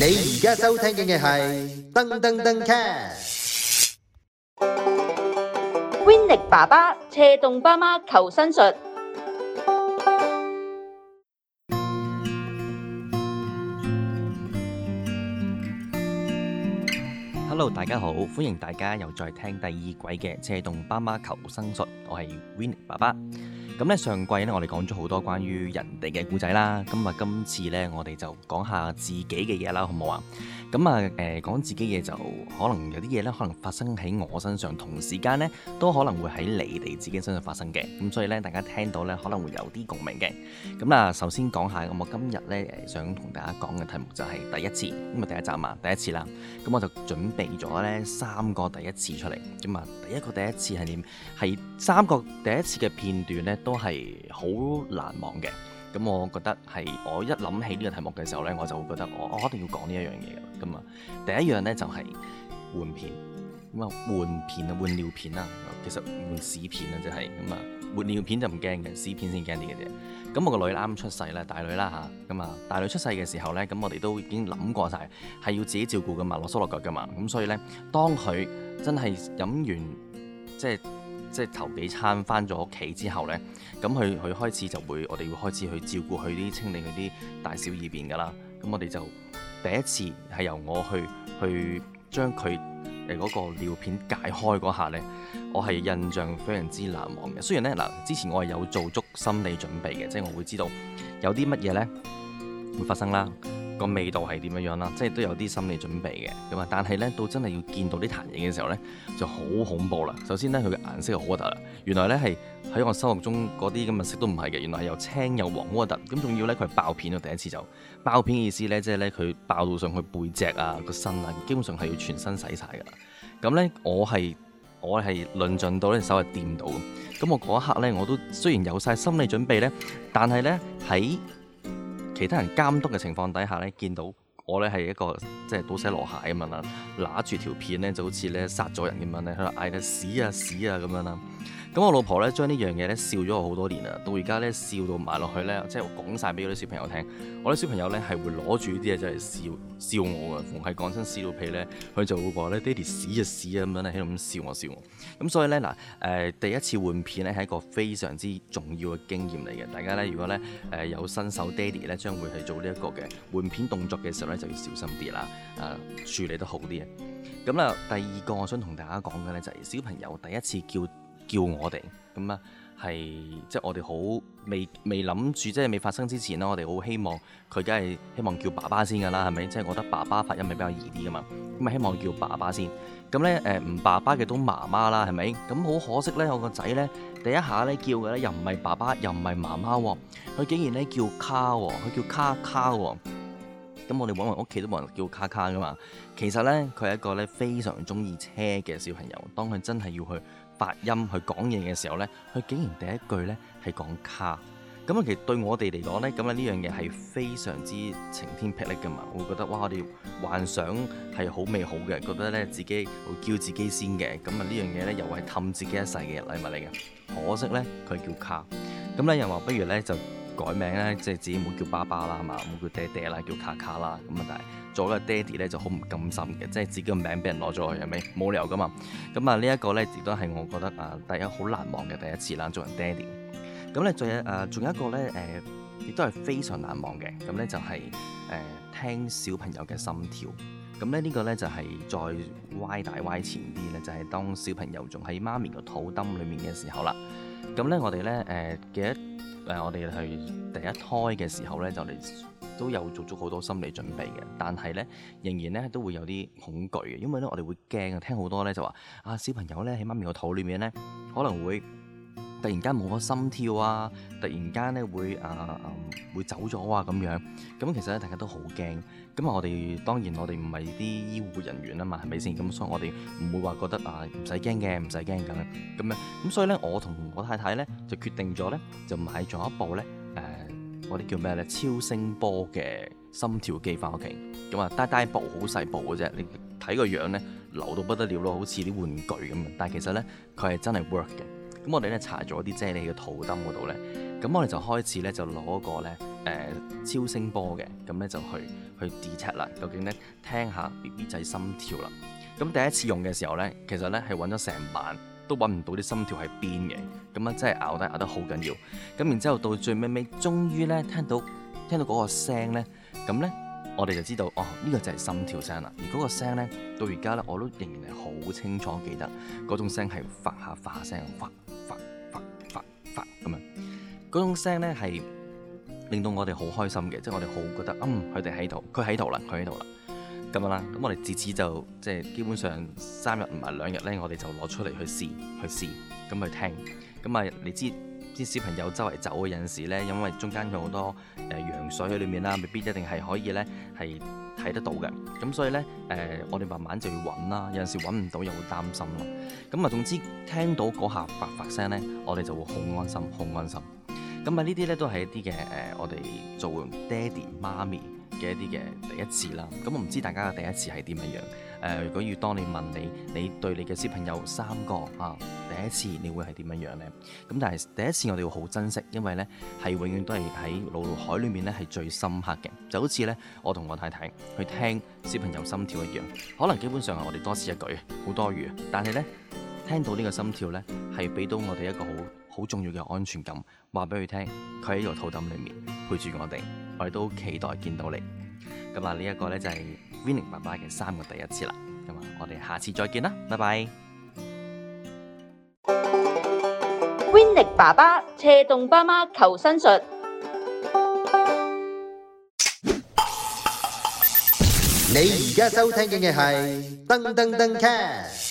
你而家收聽嘅係《噔噔噔 cat》，Winny 爸爸車動爸媽求生術。Hello，大家好，歡迎大家又再聽第二季嘅《車動爸媽求生術》，我係 Winny 爸爸。咁咧上季咧我哋講咗好多關於人哋嘅故仔啦，咁啊，今次咧我哋就講下自己嘅嘢啦，好唔好啊？咁啊誒講自己嘢就可能有啲嘢咧，可能發生喺我身上，同時間咧都可能會喺你哋自己身上發生嘅，咁所以咧大家聽到咧可能會有啲共鳴嘅。咁啊首先講下，咁，我今日咧誒想同大家講嘅題目就係第一次，咁啊第一集嘛第一次啦，咁我就準備咗咧三個第一次出嚟，咁啊第一個第一次係點？係三個第一次嘅片段咧，都係好難忘嘅，咁我覺得係我一諗起呢個題目嘅時候呢，我就會覺得我我一定要講呢一樣嘢噶啊，第一樣呢就係、是、換片咁啊，換、嗯、片啊，換尿片啊，其實換屎片啊，就係咁啊。換、嗯、尿片就唔驚嘅，屎片先驚呢嘅啫。咁、嗯、我個女啱出世啦，大女啦吓。咁啊、嗯，大女出世嘅時候呢，咁、嗯、我哋都已經諗過晒，係要自己照顧噶嘛，落手落腳噶嘛。咁、嗯、所以呢，當佢真係飲完即係。即係頭幾餐返咗屋企之後呢，咁佢佢開始就會，我哋會開始去照顧佢啲，清理佢啲大小二便㗎啦。咁我哋就第一次係由我去去將佢誒嗰個尿片解開嗰下呢，我係印象非常之難忘嘅。雖然呢，嗱，之前我係有做足心理準備嘅，即係我會知道有啲乜嘢呢會發生啦。個味道係點樣樣啦，即係都有啲心理準備嘅，咁啊，但係呢，到真係要見到啲彈嘢嘅時候呢，就好恐怖啦。首先呢，佢嘅顏色好核突啦，原來呢，係喺我心目中嗰啲咁嘅色都唔係嘅，原來係又青又黃，核突咁，仲要呢，佢係爆片咯，第一次就爆片嘅意思呢，即係呢，佢爆到上去背脊啊，個身啊，基本上係要全身洗晒㗎啦。咁呢，我係我係論盡到呢手係掂到，咁我嗰一刻呢，我都雖然有晒心理準備呢，但係呢，喺其他人監督嘅情況底下咧，見到我咧係一個即係倒瀉籮蟹咁樣啦，揦住條片咧就好似咧殺咗人咁樣咧，喺度嗌佢屎啊屎啊咁樣啦。咁、嗯、我老婆咧，將呢樣嘢咧笑咗我好多年啦，到而家咧笑到埋落去咧，即係講晒俾我啲小朋友聽，我啲小朋友咧係會攞住呢啲嘢就嚟笑笑我噶，逢係講真笑到屁咧，佢就會話咧，爹哋屎就屎啊咁、啊、樣喺度咁笑我笑我，咁、嗯、所以咧嗱，誒、呃、第一次換片咧係一個非常之重要嘅經驗嚟嘅，大家咧如果咧誒、呃、有新手爹哋咧，將會去做呢一個嘅換片動作嘅時候咧，就要小心啲啦，誒、呃、處理得好啲嘅，咁、嗯、啦第二個我想同大家講嘅咧就係、是、小朋友第一次叫。叫我哋咁啊，係即係我哋好未未諗住，即係未發生之前呢，我哋好希望佢，梗係希望叫爸爸先噶啦，係咪？即係我覺得爸爸發音咪比較易啲噶嘛。咁咪希望叫爸爸先。咁咧誒，唔爸爸嘅都媽媽啦，係咪？咁好可惜咧，我個仔咧第一下咧叫嘅咧又唔係爸爸，又唔係媽媽喎，佢竟然咧叫卡喎，佢叫卡卡喎。咁我哋揾埋屋企都冇人叫卡卡噶嘛。其實咧，佢係一個咧非常中意車嘅小朋友。當佢真係要去。發音去講嘢嘅時候呢，佢竟然第一句呢係講 Car，咁啊其實對我哋嚟講呢，咁啊呢樣嘢係非常之晴天霹靂噶嘛，會覺得哇我哋幻想係好美好嘅，覺得呢自己會叫自己先嘅，咁啊呢樣嘢呢，又係氹自己一世嘅禮物嚟嘅，可惜呢，佢叫 Car，咁咧又話不如呢就。改名咧，即係自己唔會叫爸爸啦，唔會叫爹爹啦，叫 Car Car 啦。咁啊，但係做個爹哋咧就好唔甘心嘅，即係自己個名俾人攞咗去係咪？冇理由噶嘛。咁啊，呢一個咧亦都係我覺得啊第一好難忘嘅第一次啦，做人爹哋。咁咧，仲有誒，仲有一個咧，誒亦都係非常難忘嘅。咁咧就係、是、誒、呃、聽小朋友嘅心跳。咁咧呢個咧就係再歪大歪前啲咧，就係、是、當小朋友仲喺媽咪個肚墩裡面嘅時候啦。咁咧我哋咧誒嘅一誒、呃，我哋去第一胎嘅時候咧，就嚟都有做足好多心理準備嘅，但係咧仍然咧都會有啲恐懼嘅，因為咧我哋會驚啊，聽好多咧就話啊，小朋友咧喺媽咪個肚裏面咧可能會。突然間冇咗心跳啊！突然間咧會誒誒會走咗啊！咁、啊啊、樣咁其實咧大家都好驚咁啊！我哋當然我哋唔係啲醫護人員啊嘛，係咪先？咁所以我哋唔會話覺得啊唔使驚嘅，唔使驚咁樣咁樣咁，所以咧我同我太太咧就決定咗咧就買咗一部咧誒嗰啲叫咩咧超聲波嘅心跳機翻屋企咁啊，大大部好細部嘅啫，你睇個樣咧流到不得了咯，好似啲玩具咁，但係其實咧佢係真係 work 嘅。咁我哋咧搽咗啲啫喱嘅肚墩嗰度咧，咁我哋就開始咧就攞個咧誒、呃、超聲波嘅，咁咧就去去 detect 啦，究竟咧聽下 B B 仔心跳啦。咁第一次用嘅時候咧，其實咧係揾咗成晚都揾唔到啲心跳喺邊嘅，咁咧真係咬，咬得壓得好緊要。咁然之後到最尾尾，終於咧聽到聽到嗰個聲咧，咁咧。我哋就知道，哦，呢個就係心跳聲啦。而嗰個聲咧，到而家咧，我都仍然係好清楚記得，嗰種聲係發下發聲，發發發發發咁樣。嗰種聲咧係令到我哋好開心嘅，即係我哋好覺得，嗯，佢哋喺度，佢喺度啦，佢喺度啦，咁樣啦。咁我哋自此就即係基本上三日唔係兩日咧，我哋就攞出嚟去試，去試，咁去聽，咁啊，你知。啲小朋友周圍走嘅陣時咧，因為中間有好多誒羊水喺裏面啦，未必一定係可以咧係睇得到嘅。咁所以咧誒、呃，我哋慢慢就要揾啦。有陣時揾唔到又會擔心咯。咁啊，總之聽到嗰下發發聲咧，我哋就會好安心，好安心。咁啊，呢啲咧都係一啲嘅誒，我哋做爹哋媽咪、媽媽嘅一啲嘅第一次啦，咁我唔知大家嘅第一次係點樣樣？誒、呃，如果要當你問你，你對你嘅小朋友三個啊第一次，你會係點樣樣咧？咁、嗯、但係第一次我哋要好珍惜，因為咧係永遠都係喺腦海裏面咧係最深刻嘅。就好似咧我同我太太去聽小朋友心跳一樣，可能基本上係我哋多此一舉，好多餘。但係咧聽到呢個心跳咧，係俾到我哋一個好好重要嘅安全感。話俾佢聽，佢喺呢個肚腩裏面陪住我哋。我哋都期待見到你，咁啊呢一個呢就係 Winning 爸爸嘅三個第一次啦，咁啊我哋下次再見啦，拜拜。Winning 爸爸車動爸爸求新術，你而家收聽嘅係噔噔噔 c